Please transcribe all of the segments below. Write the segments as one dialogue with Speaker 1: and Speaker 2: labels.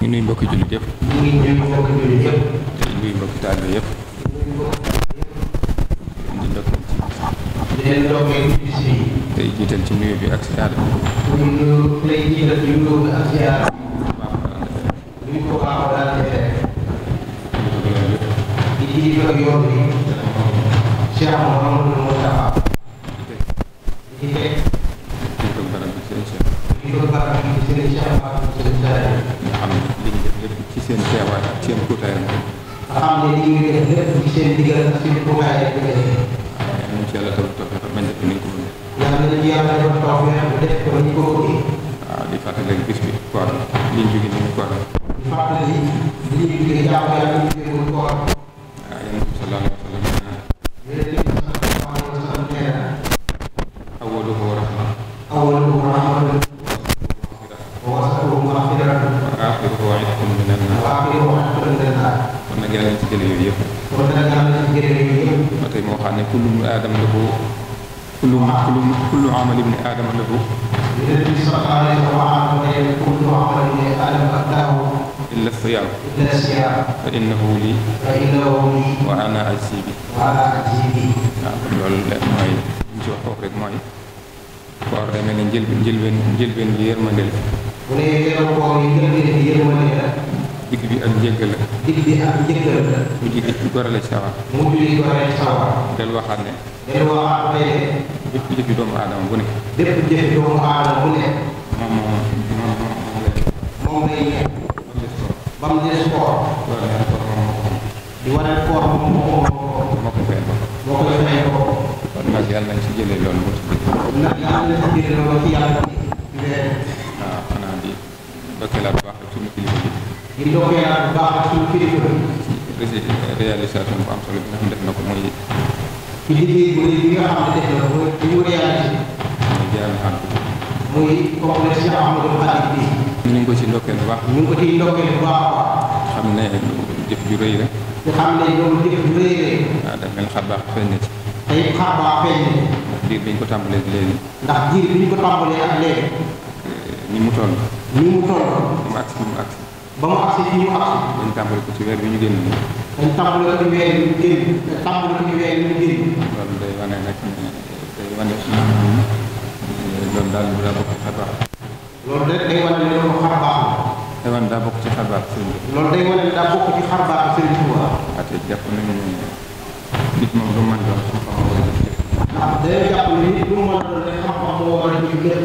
Speaker 1: ñu nuy mbokki jullit yëpp. ñu ngi nuyu mbokki jullit yëpp. di nuyu mbokki taalibe yëpp. di ndokkeel ci. di ndokkeel ci bis bi. tey jiital ci nuyu bi ak siyaara bi.
Speaker 2: ñu nuyu tey jiital ci nuyu bi ak siyaara bi. ñu ko baaxoo daal di def. di jiital ak yoon bi. Cheikh Mouhamadou nga xam li
Speaker 1: ñu def lépp ci seen teewaay ak seen kóotaay la. nga xam ne li ñu def lépp ci seen digal ak seen kóotaay la ñu def. waaye nañ ci yàlla toog toog bañ def ni ñu ko bëggee. yàlla nañu yàlla toog toog def ko ni ñu ko bëggee. waaw di fàttali rek bis bi koor li ñu jógee ni ñu koor. di fàttali li ñu jógee jàmm yàlla ñu jógee koor. kullu kullu amal ibni aadama lahu illa siyaam fa innahu li wa ana ajzi bi waaw loolu la mooy ñu ci wax foofu rek mooy koor day mel ne njëlbeen njëlbeen njëlbeen digg bi ak njëggal la. digg bi ak njëggal la. mu jigi gorale ci sawar. mu jigi gorale ci sawar. del waxaat ne. del waxaat ne. bépp jëfi doomu aadama bu ne.
Speaker 2: bépp jëfi doomu aadama bu ne.
Speaker 1: moom moom moom lay. moom lay ba mu des koor. di wane koor moom moo ko. moo ko fay bopp. moo ko fay bopp. kon nag yàlla nañ ci jëlee loolu ba ci. nag yàlla nañ ci jëlee loolu ci yàlla. waaw xanaa di dokkeelaat bu baax ak suñu kilifa bi. di
Speaker 2: dokkee naa bu baax ak suñu kilifa
Speaker 1: bi réalisation bu am solo bi nga xam def na ko mooy
Speaker 2: ci liggéey bu rëy bi nga xam ne def na ko di mu réalisé
Speaker 1: mooy jaami xam
Speaker 2: muy complexe Cheikh Ahmadou Khadim
Speaker 1: bi ñu ngi ko ci ndokkee bu baax ñu ngi ko ci ndokkee bu baax xam ne jëf ju rëy rek
Speaker 2: ñu xam ne loolu jëf ju rëy rek
Speaker 1: waaw daf mel xar baax feeñ na ci tey xar baax feeñ na ndax diir bi ñu ko tàmbalee léegi
Speaker 2: ndax diir bi ñu ko tàmbalee ak léegi
Speaker 1: eh, ni mu toll ni mu toll mu agsi mu agsi ba mu agsi fii mu agsi. dañ tàmbali ko ci weer bi ñu génn.
Speaker 2: dañ tàmbali ko ci weer bi ñu génn. dañ tàmbali ko ci weer bi ñu génn.
Speaker 1: loolu day wane nag day wane ci loolu daal daa bokk ci xabaar.
Speaker 2: loolu rek day wane ne loolu xar baax la.
Speaker 1: day wane daa bokk ci xar baax sëriñ bi. loolu day wane ne daa bokk ci xar baax sëriñ bi waaw. waaw te jàpp nañu ne nit moom lu mën doon xam-xam moo war a jëf.
Speaker 2: ndax day jàpp ne nit lu mu mën a doon rek xam-xam moo war a jëf.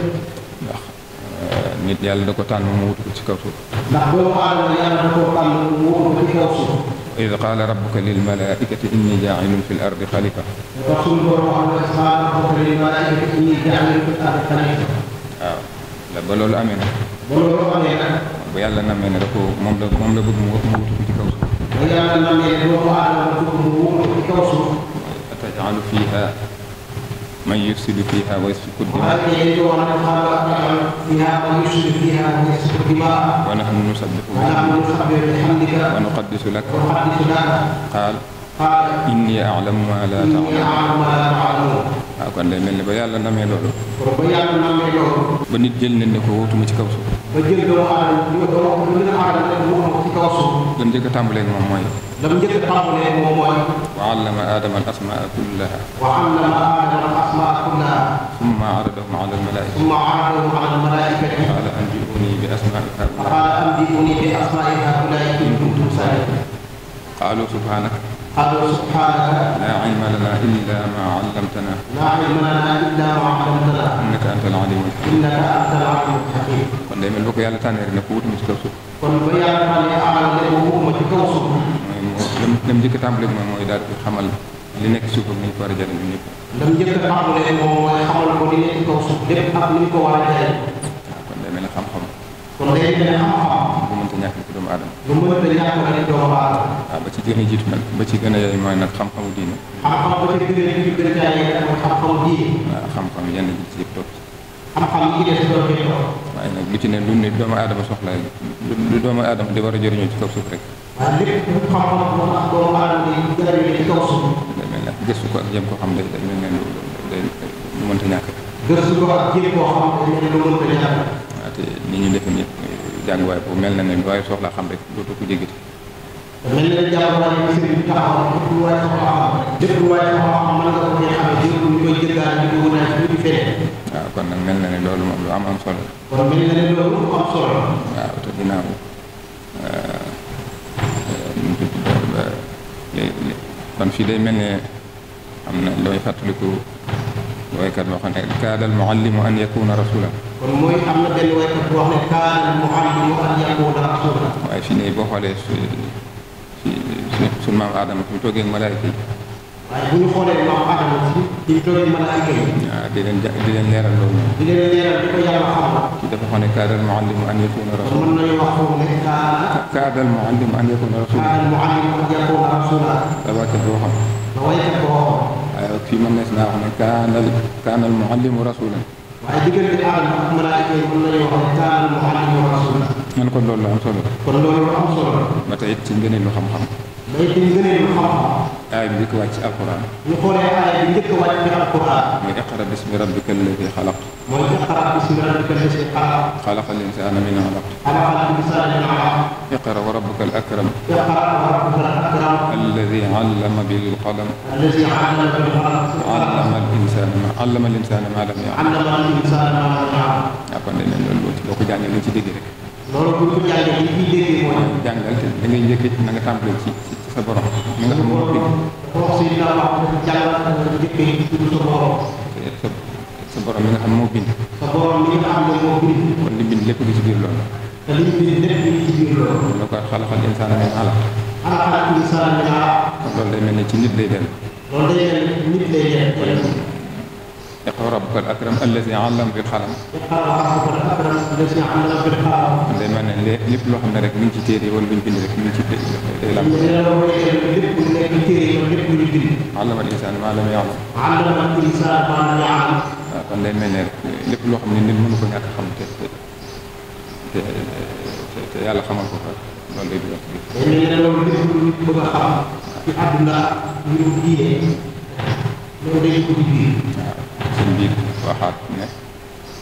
Speaker 1: nit yàlla da ko tànn mu wutu ko ci kaw suuf.
Speaker 2: ndax doomu aadama yàlla da koo tànn mu wutu ko ci kaw suuf.
Speaker 1: id qaala rabbuka lil malaaikati inni jaa'ilun fil ardi xalifa.
Speaker 2: ndax suñu borom wax na sama rabbuka lil malaaikati inni jaa'ilun fil ardi xalifa.
Speaker 1: waaw la ba loolu amee nag.
Speaker 2: ba loolu amee nag.
Speaker 1: bu yàlla namee ne da ko moom la moom la bëgg mu wutu ko ci kaw suuf. bu yàlla
Speaker 2: namee ne doomu aadama bëgg mu wutu ko ci kaw suuf.
Speaker 1: atajalu fiiha من يفسد فيها ويسفك الدماء ونحن نسبح بحمدك ونقدس لك قال inni a'lamu ma la ta'lamun waaw kon lay mel ni ba yàlla namee loolu ba nit jël ne ne ko wóotuma ci kaw suuf
Speaker 2: ba jël doomu aadama ñu doomu ñu gën a aadama mu am ci kaw suuf.
Speaker 1: lam njëkk a tàmbalee moom mooy. lam njëkk a tàmbalee moom mooy. wa allama aadama al asmaa kullaha.
Speaker 2: wa allama aadama al asmaa kullaha.
Speaker 1: summa aradahum ala al malaaika. summa aradahum ala al malaaikati. qaala anbi'uuni bi asmaa'i haa'ulaa'i. qaala anbi'uuni bi asmaa'i haa'ulaa'i in kuntum saadiqiin. qaalu subhaanaka. قالوا
Speaker 2: سبحانك لا علم لنا
Speaker 1: إلا ما علمتنا لا علم لنا إلا ما علمتنا إنك أنت العليم الحكيم إنك أنت العليم الحكيم kon day mel bu ko yàlla tànnee rek ku wutuma ci kaw suuf
Speaker 2: kon ba yàlla tànnee amal ne ko wutuma ci kaw suuf
Speaker 1: lam njëkk a tàmbali moom mooy daal di xamal li nekk suuf ak ni ñu ko war a jëriñ ñëpp
Speaker 2: lam njëkk a tàmbali moom mooy xamal ko li nekk kaw suuf lépp ak ni ñu ko war a jëriñ
Speaker 1: kon day mel ne xam-xam kon day mel ne xam-xam doomu aadama. ba mënta ñàkk a gën a jiitu nag ba ci gën a yooyu mooy nag xam-xamu diine. xam-xam ba ah, yenn yi ci ci. xam-xam lu ci ne lu ne doomu aadama soxlaa lu doomu aadama di war ci kaw suuf rek. ko ak jëm ko xam day lu mënta ñàkk.
Speaker 2: gëstu ko jëm koo xam day mel ne lu mënta ñàkk. waaw ah,
Speaker 1: te ni ñu defe ñëpp jànguwaay bu mel na ne waaye soxla xam rek dootu ko jéggati
Speaker 2: mel na jànguwaay bi sëriñ bi taxaw lépp lu waaye soxla xam lépp lu waaye soxla xam mën nga ko koy xam jël ko ñu koy jëggaat di ko wut naa ñu feneen
Speaker 1: waaw kon nag mel na ne loolu moom lu am am solo
Speaker 2: kon mel na ne loolu lu am solo
Speaker 1: waaw te ginnaaw euh, kon fii day mel ne am na looy fàttaliku waykat boo xam ne kaadal muallimu an yakuna rasulan
Speaker 2: kon mooy am na benn waykat bu wax ne kaana muallimu an yakuna rasuula
Speaker 1: waaye fii nii boo xoolee su su suñu maam Adama fi mu toogee malaayika yi
Speaker 2: waaye bu ñu xoolee maam Adama si fi mu toogee
Speaker 1: malaayika yi waaw di leen di leen leeral loolu di leen leeral di ko yàlla xamal ci dafa xam ne kaadal muallimu an yakuna rasuula mën nañu
Speaker 2: wax foofu ne kaana
Speaker 1: kaadal muallimu an yakuna rasuula kaadal muallimu
Speaker 2: an yakuna rasuula la waykat boo xam la waykat boo xam
Speaker 1: waaye fii mën nees naa wax ne kaanal kaanal muallimu rasuulan
Speaker 2: waaye diggante aadama ak malaayika yi mën nañoo wax kaana Muhammad wa rasul.
Speaker 1: ñu ne kon loolu la am solo. kon loolu lu solo la. ba ci ngeen lu xam-xam.
Speaker 2: day firi ngëneel lu xam-xam.
Speaker 1: aay bi njëkk a wàcc ci alquran.
Speaker 2: ñu xoolee aay bi njëkk a wàcc ci alquran.
Speaker 1: mooy iqra bismi rabbika alladi xalaq.
Speaker 2: mooy iqra bismi rabbika alladi xalaq.
Speaker 1: xalaqal insaana min alaq.
Speaker 2: xalaqal insaana min alaq.
Speaker 1: iqra wa rabbuka al akram.
Speaker 2: iqra wa rabbuka al
Speaker 1: akram. alladi allama bil qalam.
Speaker 2: alladi allama bil qalam.
Speaker 1: allama al insaana ma allama al insaana ma lam ya'lam. allama al insaana
Speaker 2: ma lam ya'lam.
Speaker 1: Ah, kon dañ ne loolu boo ko jàngee lu ci dégg rek.
Speaker 2: loolu bu ñu ko jàngee li ñuy dégg mooy.
Speaker 1: jàngal te da ngay njëkk na nga tàmbalee ci. sa borom mi nga xam ne moo bind. wax si dina wax yàlla njëkkee sa borom. sa sa borom mi nga xam ne moo bind. sa borom mi nga xam ne moo bind. kon li bind lépp lu ci biir loolu. te li bind lépp lu ci biir loolu. kon la ko xalaxal insaana min alaq.
Speaker 2: xalaxal insaana min alaq.
Speaker 1: kon loolu day mel ne ci nit lay dellu.
Speaker 2: loolu day mel ne nit lay dellu.
Speaker 1: iqra rabbukal akram allazi allama bil qalam day mel ne lépp loo xam ne rek mi ngi ci téere wala lu ñu bind rek mi ngi ci day lam allamal insaan maa lam ya'lam waaw kon day mel ne lépp loo xam ne nit mënu ko ñàkk xam te te te yàlla xamal ko fa loolu day dugal ci loolu
Speaker 2: lépp lu nit bëgg a xam ci àdduna ñu ko waaw
Speaker 1: seen biir waxaat ne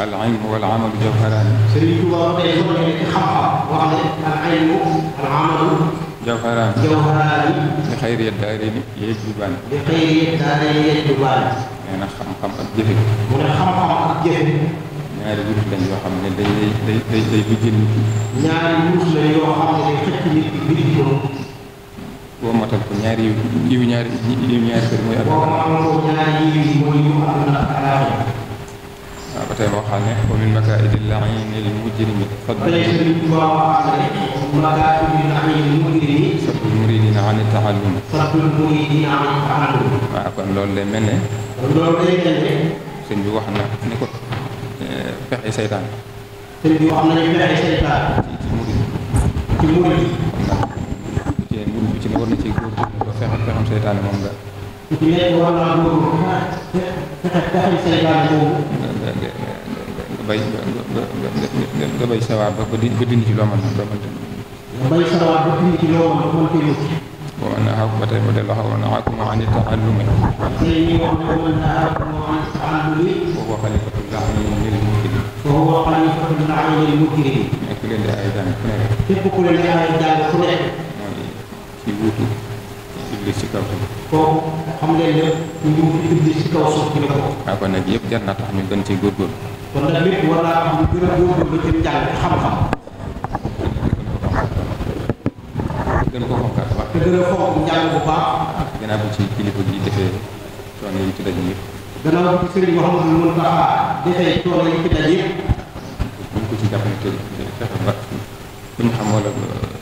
Speaker 1: al ilmu wal amalu jawharaani
Speaker 2: Sëriñ Tuubaa waxee soo demee ci xam-xam wax ne al ilmu al amalu
Speaker 1: jawharaani jawharaani li xayri daarayni yajlibaani li xayri daarayni yajlibaani nee na xam-xam ak jëfe mu ne xam-xam ak jëfe ñaari wurus lañ yoo xam ne day day day day day bu jël nit ñaari wurus lañ yoo xam ne day
Speaker 2: xëcc nit bi
Speaker 1: boo matal ko ñaari yiw yiw ñaari yiw ñaari kër mooy àdduna waaw ba tey ma waxal ne wa min makaa'idi l-la'iini l-mujrimi
Speaker 2: sarfu l-muriidiina
Speaker 1: ani t-ta'allumi
Speaker 2: waaw
Speaker 1: kon loolu lay mel ne sëñ bi wax na ni ko eh, pexe seytaan
Speaker 2: sëñ bi wax na ni pexe seytaan
Speaker 1: ci murid ci ne war na ci góorgóorlu ba fexe fexem seytaane moom nga war
Speaker 2: naa góorgóorlu fexem seytaane boobu
Speaker 1: nga bay nga bay sawaar ba ba dindi ci loo mën loo mën
Speaker 2: nga bay sawaar ba dindi ci loo mën mën koy mucc
Speaker 1: wa man nahaakum ba tey mu delloo xam wa nahaakum ani taallumi wa xalifatul laahi lil mukrimin wa xalifatul laahi lil mukrimin nekk ku leen di ay jàng ku nekk
Speaker 2: képp ku leen di ay jàng ku nekk
Speaker 1: ci wuutu iblis ci kaw suuf.
Speaker 2: kooku xam leen ne ñu wuutu iblis ci kaw suuf ci ko.
Speaker 1: nag yëpp jar na tax ñu gën ci góorgóorlu.
Speaker 2: kon nag lépp gën a góorgóorlu njàng ko fonkaat bu baax.
Speaker 1: gën a bu ci kilifa gi defee coono yi ci daj yëpp.
Speaker 2: gannaaw bu ci sëriñ wax nga mën taxaa defee coono yi ci daj yëpp.
Speaker 1: buñ ko ci jàppale te fexe ba buñ xam wala.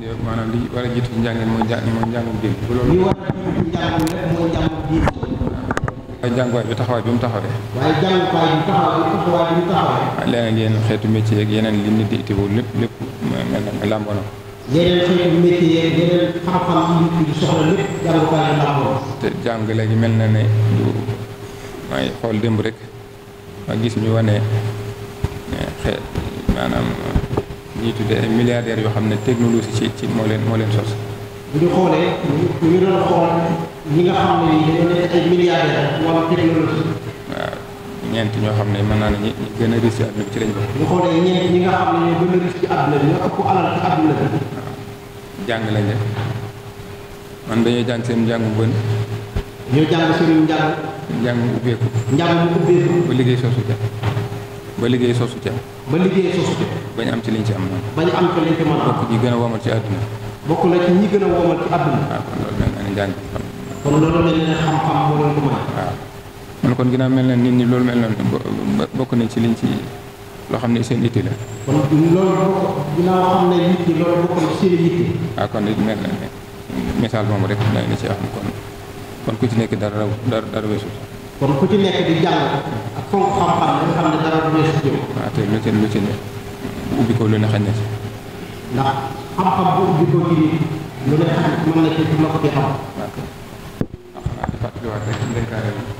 Speaker 1: xam ne yow maanaam li war a jiitu ci njàngin mooy njàng mooy njàngum biir bu loolu. li war a jiitu ci njàngam lépp mooy njàngum biir. waaye jànguwaay bi taxawaay bi mu taxawee.
Speaker 2: waaye jànguwaay bi taxawaay bi taxawaay bi mu taxawee.
Speaker 1: Ah, leneen yeneen xeetu métier yeeg yeneen li nit di itteewoo lépp lépp mel na làmboo na ko.
Speaker 2: yeneen xeetu métier yeeg yeneen xam-xam yi nit di soxla lépp jànguwaay bi làmboo.
Speaker 1: te jàng léegi mel na ne du may xool démb rek ma gis ñu wane eh, xeet maanaam. ñuy tuddee ay milliardaires yoo xam ne technologie ci ci moo leen moo leen sos.
Speaker 2: bu ñu xoolee ñu ngi doon xool ñi nga xam ne dañoo
Speaker 1: ne mën naa ne gën a riche ci bi lañ bokk. bu
Speaker 2: ñu xoolee ñeent ñi nga xam ne ñoo gën a riche bi ñoo ëpp alal ci àdduna
Speaker 1: bi. jàng lañ def man dañoo jàng seen njàngu bën. ñoo jàng suñu njàng. njàng ubbeeku. njàng ubbeeku. ba liggéey soosu jàng. ba liggéey soosu ca
Speaker 2: ba liggéey soosu
Speaker 1: ca bañ am ci liñ ci am noonu bañ am ci liñ ci mën bokk ñi gën a womal ci àdduna
Speaker 2: bokk na ci ñi gën a womal ci
Speaker 1: àdduna
Speaker 2: kon loolu mel na xam xam-xam moo may waaw
Speaker 1: man kon ginnaaw mel na nit ñi loolu mel na bokk nañ ci liñ ci loo xam ne seen itti la
Speaker 2: kon loolu bokk ginnaaw xam ne nit ñi loolu bokk na ci seen itti
Speaker 1: waaw kon mel na ne misaal moomu rek na ni ci am kon ku ci nekk dara dara weesu
Speaker 2: kon ku ci nekk di jàng fonk xam-xam dañ xam ne dara du weesu jëm.
Speaker 1: waaw te lu ca lu ca ne ubbi ko lu ne xañ na ci.
Speaker 2: ndax xam-xam bu
Speaker 1: ubbi ko ci lu ne xañ na ci du ma ko ci xam. waaw
Speaker 2: kay waaw ah, xanaa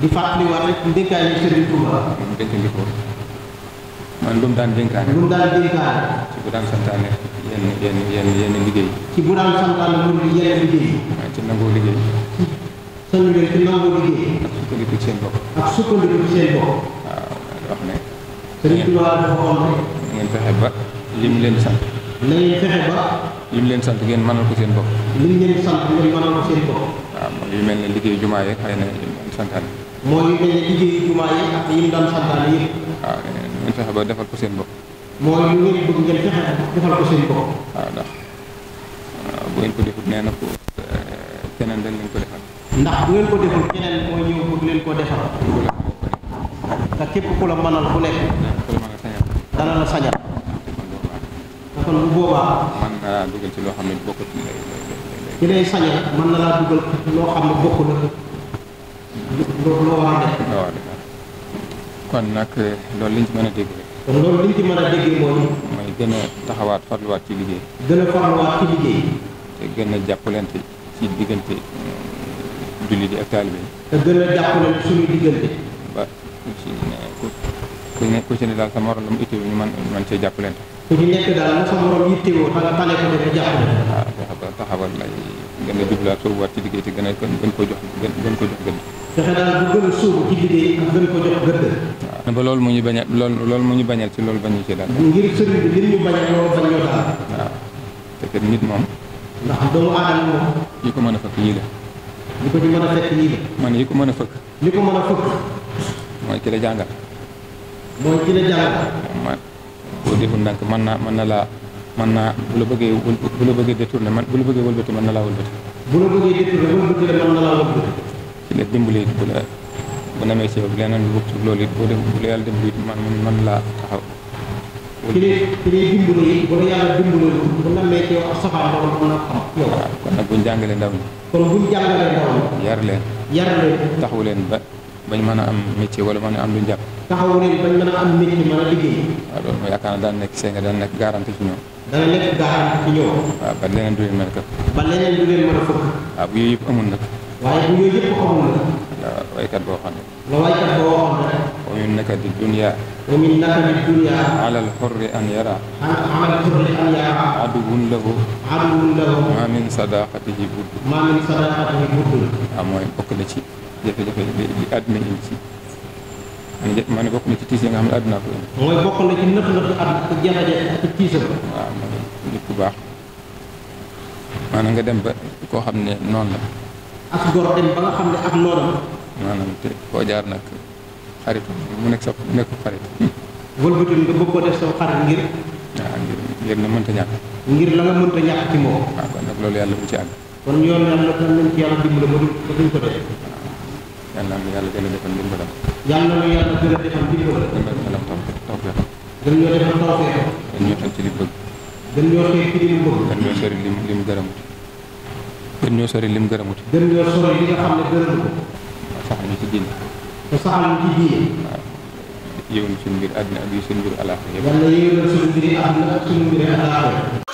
Speaker 2: di fàttaliwaat rek ndénkaane sëriñ bi sëriñ bi mën
Speaker 1: di fàttaliwaat rek daan dénkaane. lu mu daan dénkaane. ci bu daan santaane yenn yenn yenn liggéey.
Speaker 2: ci bu daan santaane mu yenn
Speaker 1: liggéey. waaw ci nangoo liggéey.
Speaker 2: sonn ngeen ci nangu liggéey. ak sukkandiku ci seen bopp. ak sukkandiku ci seen bopp.
Speaker 1: waaw
Speaker 2: wax
Speaker 1: fexe ba li leen di sant. leen sant ngeen mënal ko seen bopp. li waaw mooy yu mel ne liggéeyu jumaa yi xëy na fexe ba defal ko seen bopp. mooy ko seen bopp. waaw ndax bu ko defut nee ko eh, keneen dañ leen ko defal.
Speaker 2: ndax bu ngeen ko deful mooy ñëw bëgg leen koo defal te képp ku la mënal bu nekk dana la sañal te kon bu boobaa
Speaker 1: mën na laa dugal ci loo xam ne bokkul ci loo
Speaker 2: xam ne a
Speaker 1: def kon nag eh, loolu liñ ci
Speaker 2: mën a dégg rek mooy
Speaker 1: gën a taxawaat farluwaat ci liggéey gën a farluwaat ci liggéey te gën a jàppalante ci diggante jullit yi ak taalibe yi.
Speaker 2: te gën
Speaker 1: a daal sa morom la cee jàppalante. Ah, taxawal a jublaat ci liggéey te gën a gën ko jox gën ko jox
Speaker 2: bu ci liggéey ak gën ko jox gëdd.
Speaker 1: Ah, ba loolu mu ñu bañal loolu mu ñu bañal ci loolu bañu ci daal.
Speaker 2: waaw ah, te nit moom. ndax doomu aadama moom.
Speaker 1: yi ko mën a fekk yii la li
Speaker 2: ko ci mën a fekk
Speaker 1: nii la. man yi ko mën a fëkk. li ko mën a fëkk. mooy ki la jàngal.
Speaker 2: mooy ki la jàngal. man
Speaker 1: boo deful ndànk mën naa mën na laa mën naa bu la bëggee wël bu la bëggee détourné man bu la bëggee wëlbati mën na laa wëlbati.
Speaker 2: bu la bëggee détourné wëlbati la mën na laa wëlbati.
Speaker 1: ci la dimbali bu la bu namee ci yow leneen lu wut loolu bu la yàlla dimbali man man laa taxaw. ci lay
Speaker 2: ci lay dimbalee bu la yàlla dimbalee bu namee ci ak safaan loolu mën a xam
Speaker 1: kon nag buñ jàngalee
Speaker 2: jàngalee ndaw ñi.
Speaker 1: yar leen. yar leen. taxawu ba bañ mën a am métier wala mën a am lu njàpp. taxawu
Speaker 2: leen bañ loolu
Speaker 1: mooy yaakaar daan nekk seen nga daan nekk garanti ci ñoom. dana nekk garanti ci ñoom. waaw ba leneen du leen a këpp. ba leneen du leen mën a fëkk. bu yooyu yëpp amul nag.
Speaker 2: waaye bu yooyu yëpp amul nag.
Speaker 1: waaw waykat boo xam ne. la ومنة الدنيا على ah, mooy bokk na ci jafe-jafe li ma ne bokk na ci nga xam ne àdduna ko indi mooy
Speaker 2: bokk na ci nëpp nëpp ak jafe-jafe
Speaker 1: ak ah, nga dem ba xam ne noonu
Speaker 2: ak góor dem ba nga
Speaker 1: te koo jaar nag xarit mu nekk sa nekk xarit.
Speaker 2: wëlbati nga bëgg ko def sa xarit ngir. waaw
Speaker 1: ah, ngir ngir na mënta ñàkk. ngir la nga mënta ñàkk ci moom. waaw ah, kon nag loolu yàlla bu ci àgg.
Speaker 2: kon yoon yàlla na nañ ci yàlla dimbali ba duñ ba duñ ko def. waaw ah,
Speaker 1: yàlla na yàlla gën a defal lim ba def.
Speaker 2: yàlla na yàlla gën a defal lim ba def. gën a defal
Speaker 1: taw taw fexe.
Speaker 2: gën ñoo defal taw fexe. gën
Speaker 1: ñoo xel ci li bëgg.
Speaker 2: gën ñoo xel ci li mu bëgg. gën ñoo
Speaker 1: sori lim lim gërëmut. gën ñoo sori lim gërëmut.
Speaker 2: gën ñoo sori li nga xam ne gërëmu ko. sax ñu ci génn te saxal ci diine. waaw
Speaker 1: yéwén suñu mbir àddina ak suñu mbir alaaxira. yàlla yéwén suñu mbiri
Speaker 2: àddina ak suñu mbiri alaaxira.